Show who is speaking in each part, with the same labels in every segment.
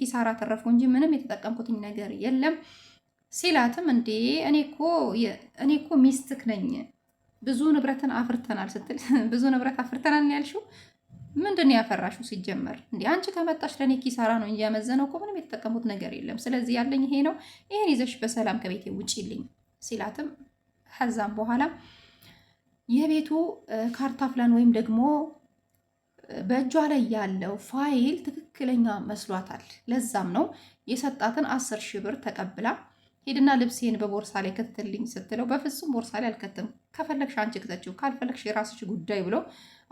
Speaker 1: ኪሳራ ተረፍኩ እንጂ ምንም የተጠቀምኩትኝ ነገር የለም ሲላትም እንዴ እኔ እኮ ሚስትክ ነኝ ብዙ ንብረትን አፍርተናል ስትል ብዙ ንብረት አፍርተናል ያልሽው ምንድን ያፈራሹ? ሲጀመር እንዲ አንቺ ከመጣሽ ለእኔ ኪሳራ ነው እንጂ ያመዘነው እኮ ምንም የተጠቀምኩት ነገር የለም ስለዚህ ያለኝ ይሄ ነው ይሄን ይዘሽ በሰላም ከቤቴ ውጪልኝ ሲላትም ከዛም በኋላ የቤቱ ካርታ ፕላን ወይም ደግሞ በእጇ ላይ ያለው ፋይል ትክክለኛ መስሏታል። ለዛም ነው የሰጣትን አስር ሺህ ብር ተቀብላ ሄድና ልብሴን በቦርሳ ላይ ከትትልኝ ስትለው በፍጹም ቦርሳ ላይ አልከትም፣ ከፈለግሽ አንቺ ክተችው፣ ካልፈለግሽ የራስሽ ጉዳይ ብሎ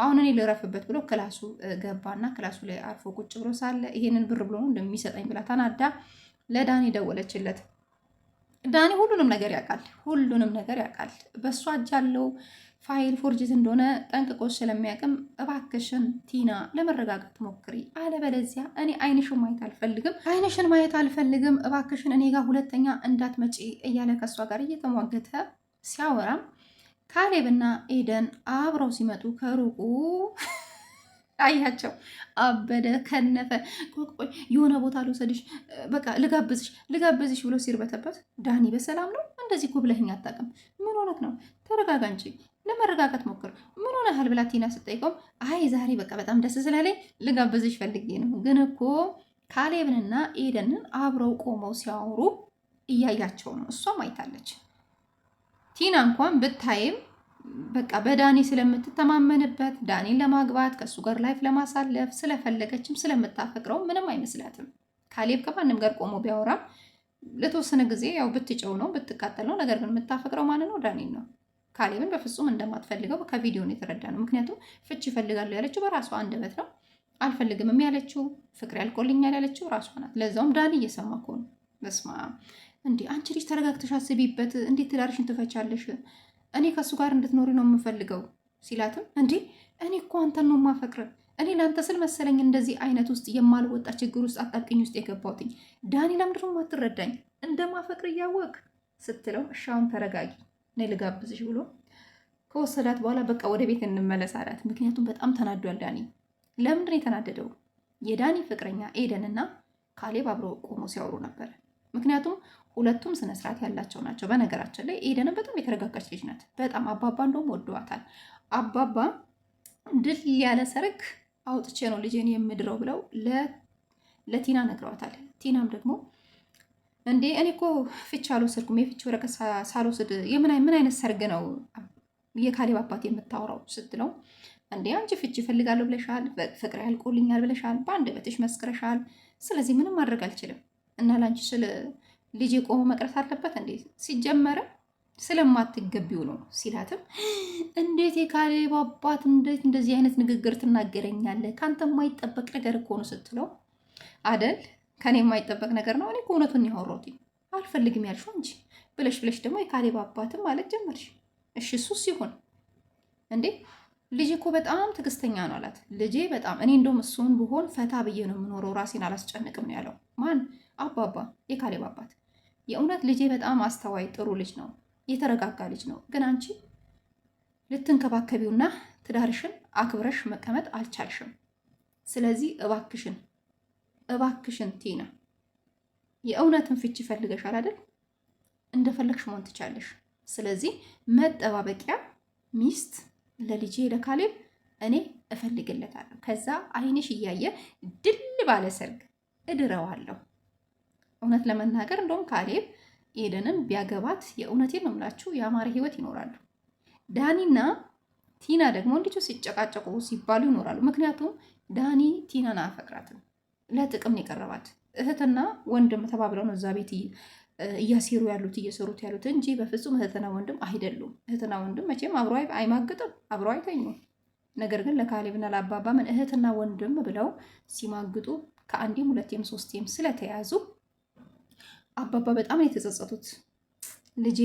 Speaker 1: አሁን እኔ ልረፍበት ብሎ ክላሱ ገባና ክላሱ ላይ አርፎ ቁጭ ብሎ ሳለ ይሄንን ብር ብሎ ነው እንደሚሰጠኝ ብላ ተናዳ ለዳን ደወለችለት። ዳኒ ሁሉንም ነገር ያውቃል። ሁሉንም ነገር ያውቃል። በእሷ እጅ ያለው ፋይል ፎርጅት እንደሆነ ጠንቅቆች ስለሚያውቅም እባክሽን ቲና ለመረጋጋት ሞክሪ፣ አለበለዚያ እኔ አይንሽን ማየት አልፈልግም፣ አይንሽን ማየት አልፈልግም፣ እባክሽን እኔ ጋር ሁለተኛ እንዳትመጪ እያለ ከእሷ ጋር እየተሟገተ ሲያወራም ካሌብና ኤደን አብረው ሲመጡ ከሩቁ አያቸው አበደ ከነፈ። ቆይ የሆነ ቦታ ልውሰድሽ፣ በቃ ልጋብዝሽ ልጋብዝሽ ብሎ ሲርበተበት ዳኒ በሰላም ነው እንደዚህ እኮ ብለኸኝ አታውቅም። ምን ሆነት ነው? ተረጋጋ እንጂ ለመረጋጋት ሞክር። ምን ሆነሃል ብላ ቲና ስጠይቀው አይ ዛሬ በቃ በጣም ደስ ስላለኝ ልጋብዝሽ ፈልጌ ነው። ግን እኮ ካሌብንና ኤደንን አብረው ቆመው ሲያወሩ እያያቸው ነው። እሷም አይታለች ቲና እንኳን ብታይም በቃ በዳኒ ስለምትተማመንበት ዳኒን ለማግባት ከእሱ ጋር ላይፍ ለማሳለፍ ስለፈለገችም ስለምታፈቅረው ምንም አይመስላትም። ካሌብ ከማንም ጋር ቆሞ ቢያወራም ለተወሰነ ጊዜ ያው ብትጨው ነው ብትቃጠል ነው። ነገር ግን የምታፈቅረው ማን ነው? ዳኒን ነው። ካሌብን በፍጹም እንደማትፈልገው ከቪዲዮ ነው የተረዳ ነው። ምክንያቱም ፍች ይፈልጋሉ ያለችው በራሷ አንደበት ነው። አልፈልግምም ያለችው ፍቅር ያልቆልኛል ያለችው ራሷ ናት። ለዛውም ዳኒ እየሰማ እኮ በስማ እንዲህ አንቺ ልጅ ተረጋግተሽ አስቢበት። እንዴት ትዳርሽን ትፈቻለሽ? እኔ ከእሱ ጋር እንድትኖሪ ነው የምፈልገው ሲላትም እንዴ እኔ እኮ አንተን ነው ማፈቅረ እኔ ለአንተ ስል መሰለኝ እንደዚህ አይነት ውስጥ የማልወጣ ችግር ውስጥ አጣብቅኝ ውስጥ የገባውትኝ። ዳኒ ለምንድን ነው እንደማፈቅር እያወቅ ስትለው እሻውን ተረጋጊ ነይ ልጋብዝሽ ብሎ ከወሰዳት በኋላ በቃ ወደ ቤት እንመለስ አላት ምክንያቱም በጣም ተናዷል ዳኒ ለምንድን የተናደደው የዳኒ ፍቅረኛ ኤደንና ካሌብ አብረው ቆሞ ሲያወሩ ነበር ምክንያቱም ሁለቱም ስነ ስርዓት ያላቸው ናቸው። በነገራችን ላይ ኤደን በጣም የተረጋጋች ልጅ ናት። በጣም አባባ እንደውም ወደዋታል። አባባ ድል ያለ ሰርግ አውጥቼ ነው ልጄን የምድረው ብለው ለቲና ነግረዋታል። ቲናም ደግሞ እንዴ እኔ እኮ ፍቻ አልወሰድኩም የፍች ወረቀት ሳልወስድ የምን አይነት ሰርግ ነው የካሌብ አባት የምታወራው ስትለው እንዴ አንቺ ፍች ይፈልጋለሁ ብለሻል፣ ፍቅር ያልቆልኛል ብለሻል፣ በአንድ በትሽ መስክረሻል። ስለዚህ ምንም ማድረግ አልችልም እና ላንቺ ስለ ልጅ ቆሞ መቅረት አለበት እንዴ? ሲጀመረ ስለማትገቢው ነው ሲላትም፣ እንዴት የካሌብ አባት እንዴት እንደዚህ አይነት ንግግር ትናገረኛለህ? ከአንተ የማይጠበቅ ነገር እኮ ነው ስትለው፣ አደል ከኔ የማይጠበቅ ነገር ነው እኔ እውነቱን ያወራሁት አልፈልግም ያልሽው እንጂ ብለሽ ብለሽ ደግሞ የካሌብ አባትም ማለት ጀመርሽ። እሺ እሱስ ይሁን እንዴ ልጅ እኮ በጣም ትዕግስተኛ ነው አላት። ልጄ በጣም እኔ እንደውም እሱን ብሆን ፈታ ብዬ ነው የምኖረው፣ ራሴን አላስጨንቅም ነው ያለው። ማን አባባ? የካሌብ አባት። የእውነት ልጄ በጣም አስተዋይ ጥሩ ልጅ ነው፣ የተረጋጋ ልጅ ነው። ግን አንቺ ልትንከባከቢውና ትዳርሽን አክብረሽ መቀመጥ አልቻልሽም። ስለዚህ እባክሽን እባክሽን ቲና የእውነትን ፍቺ ፈልገሻል አይደል? እንደፈለግሽ መሆን ትቻለሽ። ስለዚህ መጠባበቂያ ሚስት ለልጄ ለካሌብ እኔ እፈልግለታለሁ። ከዛ አይንሽ እያየ ድል ባለ ሰርግ እድረዋለሁ። እውነት ለመናገር እንደውም ካሌብ ኤደንም ቢያገባት የእውነቴን ነው የምላችሁ የአማረ ህይወት ይኖራሉ። ዳኒና ቲና ደግሞ እንዲቹ ሲጨቃጨቁ ሲባሉ ይኖራሉ። ምክንያቱም ዳኒ ቲናን አያፈቅራትም፣ ለጥቅም የቀረባት እህትና ወንድም ተባብለው ነው እዛ ቤት እያሴሩ ያሉት እየሰሩት ያሉት እንጂ በፍጹም እህትና ወንድም አይደሉም። እህትና ወንድም መቼም አብሮ አይማግጥም፣ አብሮ አይተኙም። ነገር ግን ለካሌብና ለአባባ ምን እህትና ወንድም ብለው ሲማግጡ ከአንዴም ሁለቴም ሶስቴም ስለተያዙ አባባ በጣም ነው የተጸጸቱት። ልጄ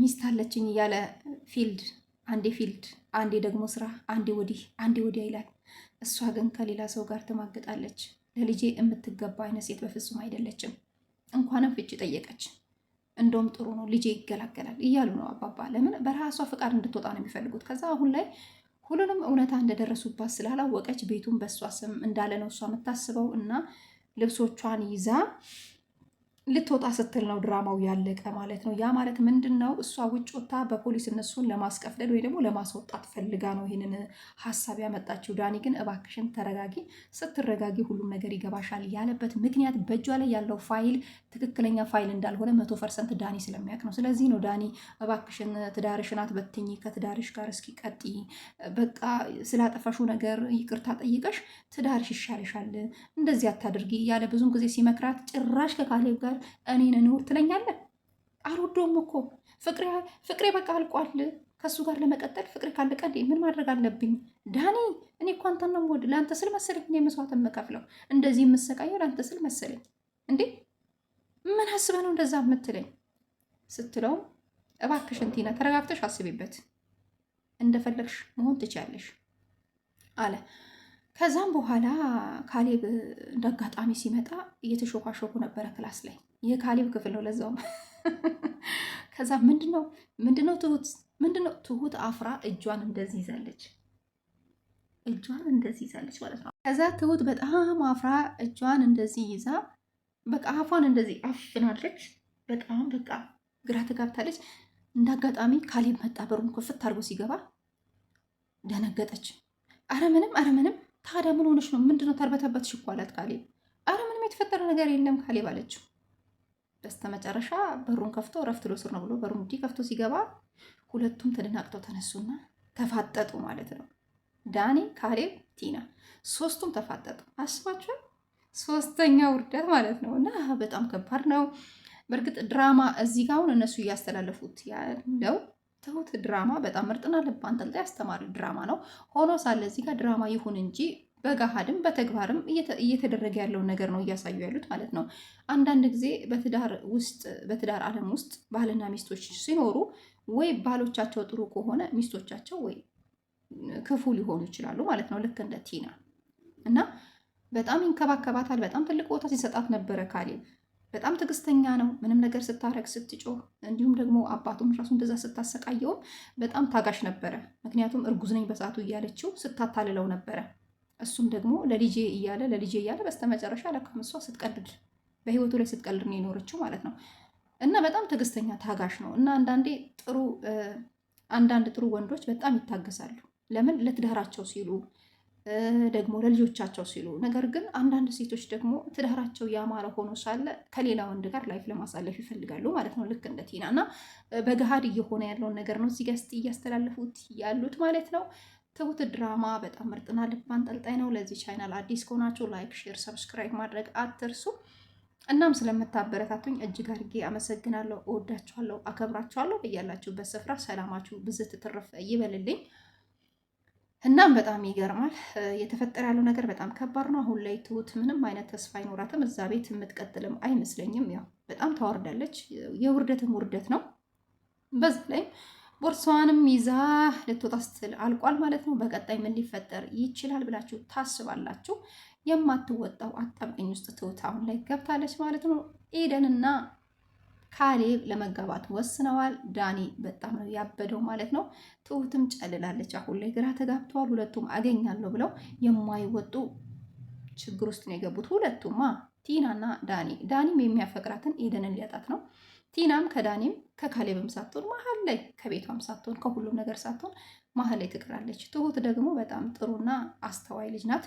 Speaker 1: ሚስት አለችኝ እያለ ፊልድ አንዴ ፊልድ አንዴ ደግሞ ስራ አንዴ ወዲህ አንዴ ወዲያ ይላል። እሷ ግን ከሌላ ሰው ጋር ትማግጣለች። ለልጄ የምትገባ አይነት ሴት በፍጹም አይደለችም። እንኳንም ፍቺ ጠየቀች። እንደውም ጥሩ ነው ልጄ ይገላገላል እያሉ ነው አባባ። ለምን በራሷ ፍቃድ እንድትወጣ ነው የሚፈልጉት። ከዛ አሁን ላይ ሁሉንም እውነታ እንደደረሱባት ስላላወቀች ቤቱን በእሷ ስም እንዳለ ነው እሷ የምታስበው እና ልብሶቿን ይዛ ልትወጣ ስትል ነው ድራማው ያለቀ ማለት ነው። ያ ማለት ምንድን ነው? እሷ ውጭ ወታ በፖሊስ እነሱን ለማስቀፍደድ ወይ ደግሞ ለማስወጣት ፈልጋ ነው ይህንን ሀሳብ ያመጣችው። ዳኒ ግን እባክሽን ተረጋጊ፣ ስትረጋጊ ሁሉም ነገር ይገባሻል ያለበት ምክንያት በእጇ ላይ ያለው ፋይል ትክክለኛ ፋይል እንዳልሆነ መቶ ፐርሰንት ዳኒ ስለሚያውቅ ነው። ስለዚህ ነው ዳኒ እባክሽን ትዳርሽን አትበትኝ፣ ከትዳርሽ ጋር እስኪ ቀጥይ፣ በቃ ስላጠፈሹ ነገር ይቅርታ ጠይቀሽ ትዳርሽ ይሻልሻል፣ እንደዚህ አታድርጊ ያለ ብዙም ጊዜ ሲመክራት ጭራሽ ከካሌብ ጋር እኔን ኑር ትለኛለህ? አልወደውም እኮ ፍቅሬ በቃ አልቋል። ከእሱ ጋር ለመቀጠል ፍቅሬ ካለቀ እንዴ ምን ማድረግ አለብኝ? ዳኒ እኔ እኮ አንተን ነው የምወድ። ለአንተ ስል መሰለኝ እኔ መስዋዕት የምከፍለው እንደዚህ የምሰቃየው ለአንተ ስል መሰለኝ እንዴ። ምን አስበህ ነው እንደዛ የምትለኝ? ስትለውም እባክሽን ቲና ተረጋግተሽ አስቢበት፣ እንደፈለግሽ መሆን ትችያለሽ አለ። ከዛም በኋላ ካሌብ እንደ አጋጣሚ ሲመጣ እየተሾኳሾኩ ነበረ ክላስ ላይ። የካሌብ ክፍል ነው ለዛውም። ከዛ ምንድነው ምንድነው ትሁት ምንድነው ትሁት አፍራ እጇን እንደዚህ ይዛለች፣ እጇን እንደዚህ ይዛለች ማለት ነው። ከዛ ትሁት በጣም አፍራ እጇን እንደዚህ ይዛ በቃ አፏን እንደዚህ አፍናለች። በጣም በቃ ግራ ተጋብታለች። እንደ አጋጣሚ ካሌብ መጣ። በሩን ክፍት አድርጎ ሲገባ ደነገጠች። አረ ምንም አረ ምንም ታዲያ ምን ሆነች ነው? ምንድነው ተርበተበትሽ እኮ አላት ካሌብ። አረ ምንም የተፈጠረ ነገር የለም ካሌብ አለችው። በስተመጨረሻ በሩን ከፍቶ እረፍት ልወስድ ነው ብሎ በሩን እንዲህ ከፍቶ ሲገባ ሁለቱም ተደናቅተው ተነሱና ተፋጠጡ ማለት ነው። ዳኒ፣ ካሌብ፣ ቲና ሶስቱም ተፋጠጡ። አስባችኋል? ሶስተኛ ውርደት ማለት ነው። እና በጣም ከባድ ነው። በእርግጥ ድራማ እዚህ ጋር አሁን እነሱ እያስተላለፉት ያለው ትሁት ድራማ በጣም ምርጥና ልብ አንጠልጣይ አስተማሪ ድራማ ነው። ሆኖ ሳለ እዚህ ጋር ድራማ ይሁን እንጂ በገሃድም በተግባርም እየተደረገ ያለውን ነገር ነው እያሳዩ ያሉት ማለት ነው። አንዳንድ ጊዜ በትዳር ውስጥ በትዳር ዓለም ውስጥ ባልና ሚስቶች ሲኖሩ ወይ ባሎቻቸው ጥሩ ከሆነ ሚስቶቻቸው ወይ ክፉ ሊሆኑ ይችላሉ ማለት ነው። ልክ እንደ ቲና እና በጣም ይንከባከባታል። በጣም ትልቅ ቦታ ሲሰጣት ነበረ ካሌብ በጣም ትዕግስተኛ ነው። ምንም ነገር ስታረግ ስትጮህ፣ እንዲሁም ደግሞ አባቱም ራሱ እንደዛ ስታሰቃየውም በጣም ታጋሽ ነበረ። ምክንያቱም እርጉዝ ነኝ በሰዓቱ እያለችው ስታታልለው ነበረ። እሱም ደግሞ ለልጄ እያለ ለልጄ እያለ በስተመጨረሻ ለካም እሷ ስትቀልድ በህይወቱ ላይ ስትቀልድ ነው የኖረችው ማለት ነው። እና በጣም ትዕግስተኛ ታጋሽ ነው። እና አንዳንዴ ጥሩ አንዳንድ ጥሩ ወንዶች በጣም ይታገሳሉ። ለምን ለትዳራቸው ሲሉ ደግሞ ለልጆቻቸው ሲሉ። ነገር ግን አንዳንድ ሴቶች ደግሞ ትዳራቸው ያማረ ሆኖ ሳለ ከሌላ ወንድ ጋር ላይፍ ለማሳለፍ ይፈልጋሉ ማለት ነው። ልክ እንደ ቲና እና በገሃድ እየሆነ ያለውን ነገር ነው እዚህ እያስተላለፉት ያሉት ማለት ነው። ትሁት ድራማ በጣም ምርጥና ልብ አንጠልጣይ ነው። ለዚህ ቻይናል አዲስ ከሆናችሁ ላይክ፣ ሼር፣ ሰብስክራይብ ማድረግ አትርሱ። እናም ስለምታበረታቱኝ እጅግ አድርጌ አመሰግናለሁ። እወዳችኋለሁ፣ አከብራችኋለሁ። እያላችሁበት ስፍራ ሰላማችሁ ብዝት ትርፍ ይበልልኝ። እናም በጣም ይገርማል። የተፈጠረ ያለው ነገር በጣም ከባድ ነው። አሁን ላይ ትሁት ምንም አይነት ተስፋ አይኖራትም። እዛ ቤት የምትቀጥልም አይመስለኝም። ያው በጣም ታወርዳለች። የውርደትም ውርደት ነው። በዛ ላይም ቦርሳዋንም ይዛ ልትወጣ ስትል አልቋል ማለት ነው። በቀጣይ ምን ሊፈጠር ይችላል ብላችሁ ታስባላችሁ? የማትወጣው አጣብቂኝ ውስጥ ትሁት አሁን ላይ ገብታለች ማለት ነው። ኤደንና ካሌብ ለመጋባት ወስነዋል። ዳኒ በጣም ነው ያበደው ማለት ነው። ትሁትም ጨልላለች። አሁን ላይ ግራ ተጋብተዋል። ሁለቱም አገኛለሁ ብለው የማይወጡ ችግር ውስጥ ነው የገቡት። ሁለቱማ ቲናና ዳኒ። ዳኒም የሚያፈቅራትን ኤደንን ሊያጣት ነው። ቲናም ከዳኒም ከካሌብም ሳትሆን መሀል ላይ ከቤቷም ሳትሆን ከሁሉም ነገር ሳትሆን መሀል ላይ ትቅራለች። ትሁት ደግሞ በጣም ጥሩና አስተዋይ ልጅ ናት።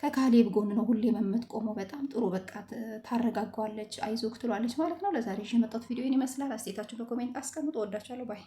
Speaker 1: ከካሌብ ጎን ነው ሁሌም የምትቆመው። በጣም ጥሩ በቃ ታረጋጓለች፣ አይዞክ ትሏለች ማለት ነው። ለዛሬ የመጣሁት ቪዲዮን ይመስላል። አስተያየታችሁ በኮሜንት አስቀምጡ። ወዳችኋለሁ ባይ